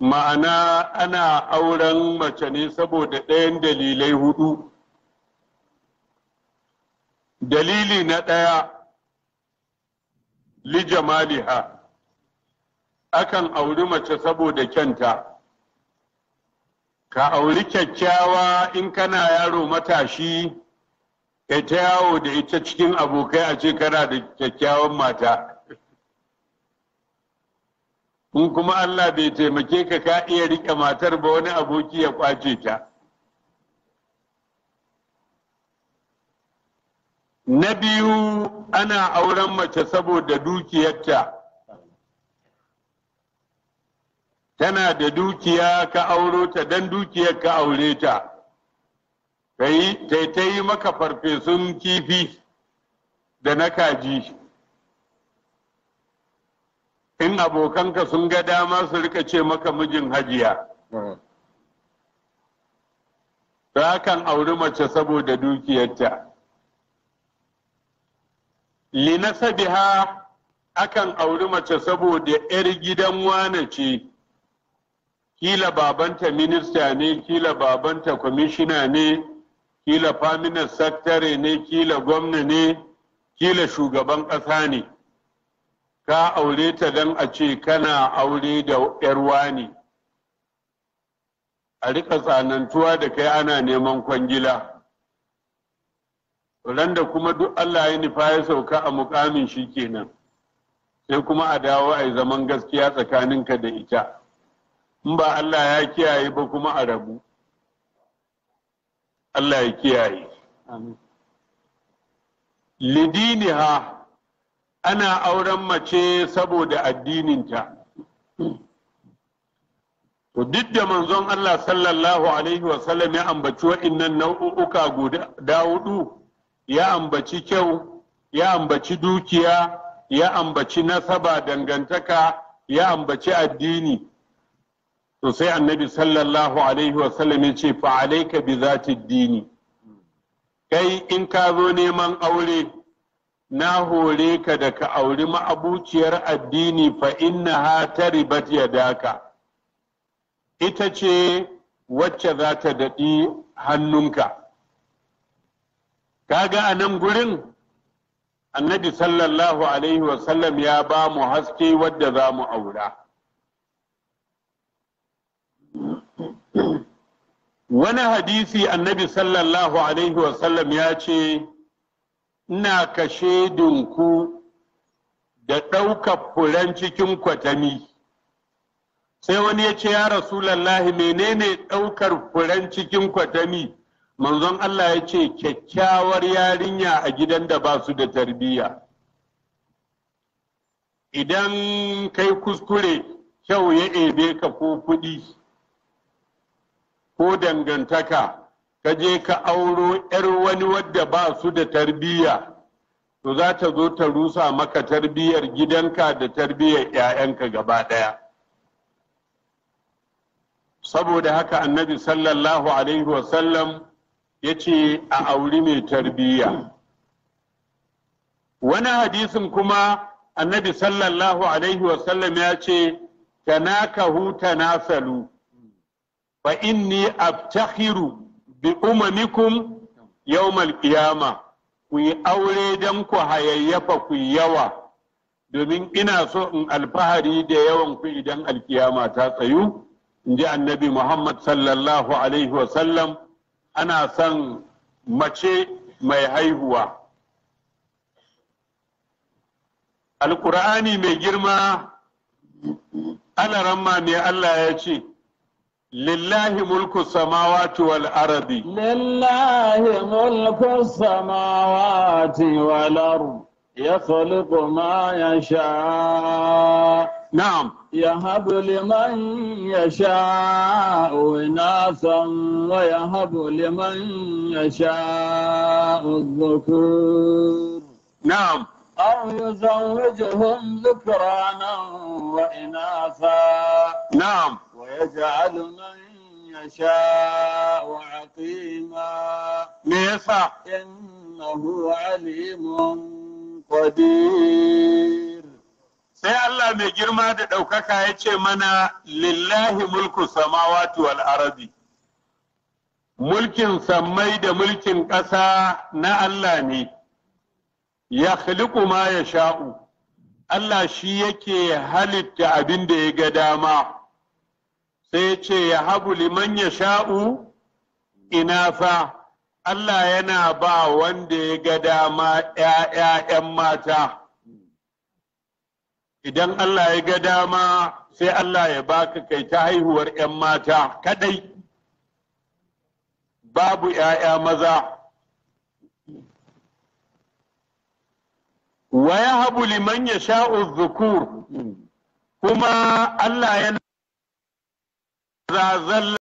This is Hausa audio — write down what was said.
ma'ana ana auren mace ne saboda ɗayan dalilai hudu dalili na ɗaya lijamaliha akan auri mace saboda kyanta ka auri kyakkyawa in kana yaro matashi ka ta yawo da ita cikin abokai a ce kana da kyakkyawan mata in kuma Allah bai taimake ka ka iya rike matar ba wani aboki ya kwace ta na biyu ana auren mace saboda dukiyarta tana da dukiya ka auro ta don dukiyar ka aure ta ta yi maka farfesun kifi da na kaji in abokanka sun ga dama su rika ce maka mijin hajiya za kan auri mace saboda dukiyarta ha akan auri mace saboda 'yar gidan wane ce kila babanta minista ne kila babanta kwamishina ne kila faminan sattare ne kila gwamna ne kila shugaban ƙasa ne ka aure ta don a ce kana aure da yarwa ne a rika tsanantuwa da kai ana neman kwangila da kuma duk Allah ya nufa ya sauka a mukamin shi kenan sai kuma a dawo a yi zaman gaskiya tsakaninka da ita in ba Allah ya kiyaye ba kuma a rabu Allah ya kiyaye lidiniha ana auren mace saboda addininta to duk da manzon Allah sallallahu alaihi wasallam ya ambaci wa'innan nau'uka guda hudu ya ambaci kyau ya ambaci dukiya ya ambaci nasaba dangantaka ya ambaci addini to sai annabi sallallahu alaihi wasallam ya ce fa alaika bi zati dini kai in ka zo neman aure na hore ka da ka auri ma'abuciyar addini fa ha innaha taribat yadaka ita ce wacce za ta daɗi hannunka kaga a nan gurin annabi sallallahu alaihi wasallam ya ba mu haske wadda za mu aura wani hadisi annabi sallallahu alaihi wasallam ya ce ina ka ku da ɗaukar furen cikin kwatami sai wani ya ce ya rasulallahi menene ɗaukar furen cikin kwatami manzon Allah ya ce kyakkyawar yarinya a gidan da ba su da tarbiyya idan kai kuskure kyau ya ebe ka ko kuɗi ko dangantaka ka je ka auro 'yar wani wadda ba su da tarbiyya to za ta zo ta rusa maka tarbiyyar gidanka da tarbiyyar 'ya'yanka gaba ɗaya saboda haka annabi sallallahu alaihi wasallam ya ce a auri mai tarbiyya wani hadisin kuma annabi sallallahu alaihi wasallam ya ce tanakahu tanasalu fa inni abtakhiru bi yawmal qiyama ku yi aure dan ku hayayyafa ku yawa domin ina so in alfahari da yawan ku idan alkiyama ta tsayu in ji annabi muhammad sallallahu alaihi wasallam ana son mace mai haihuwa alkur'ani mai girma alaramma ne allah ya ce لله ملك السماوات والأرض لله ملك السماوات والأرض يخلق ما يشاء نعم يهب لمن يشاء إناثا ويهب لمن يشاء الذكور نعم أو يزوجهم ذكرانا وإناثا نعم ويجعل من يشاء عقيما ميفا إنه عليم قدير sai Allah mai girma da ɗaukaka ya ce mana lillahi mulku samawati wal arabi mulkin sammai da mulkin ƙasa na Allah ne ya ma ya sha'u Allah shi yake halitta abin da ya ga dama sai ce ya habu liman ya sha'u fa Allah yana ba wanda ya ga dama ‘ya'ya'yan mata. Idan Allah ya ga dama sai Allah ya baka kai ta haihuwar ‘yan mata kadai, babu ‘ya'ya maza. Wa ya habu liman ya sha'u zukur, kuma Allah yana إذا زل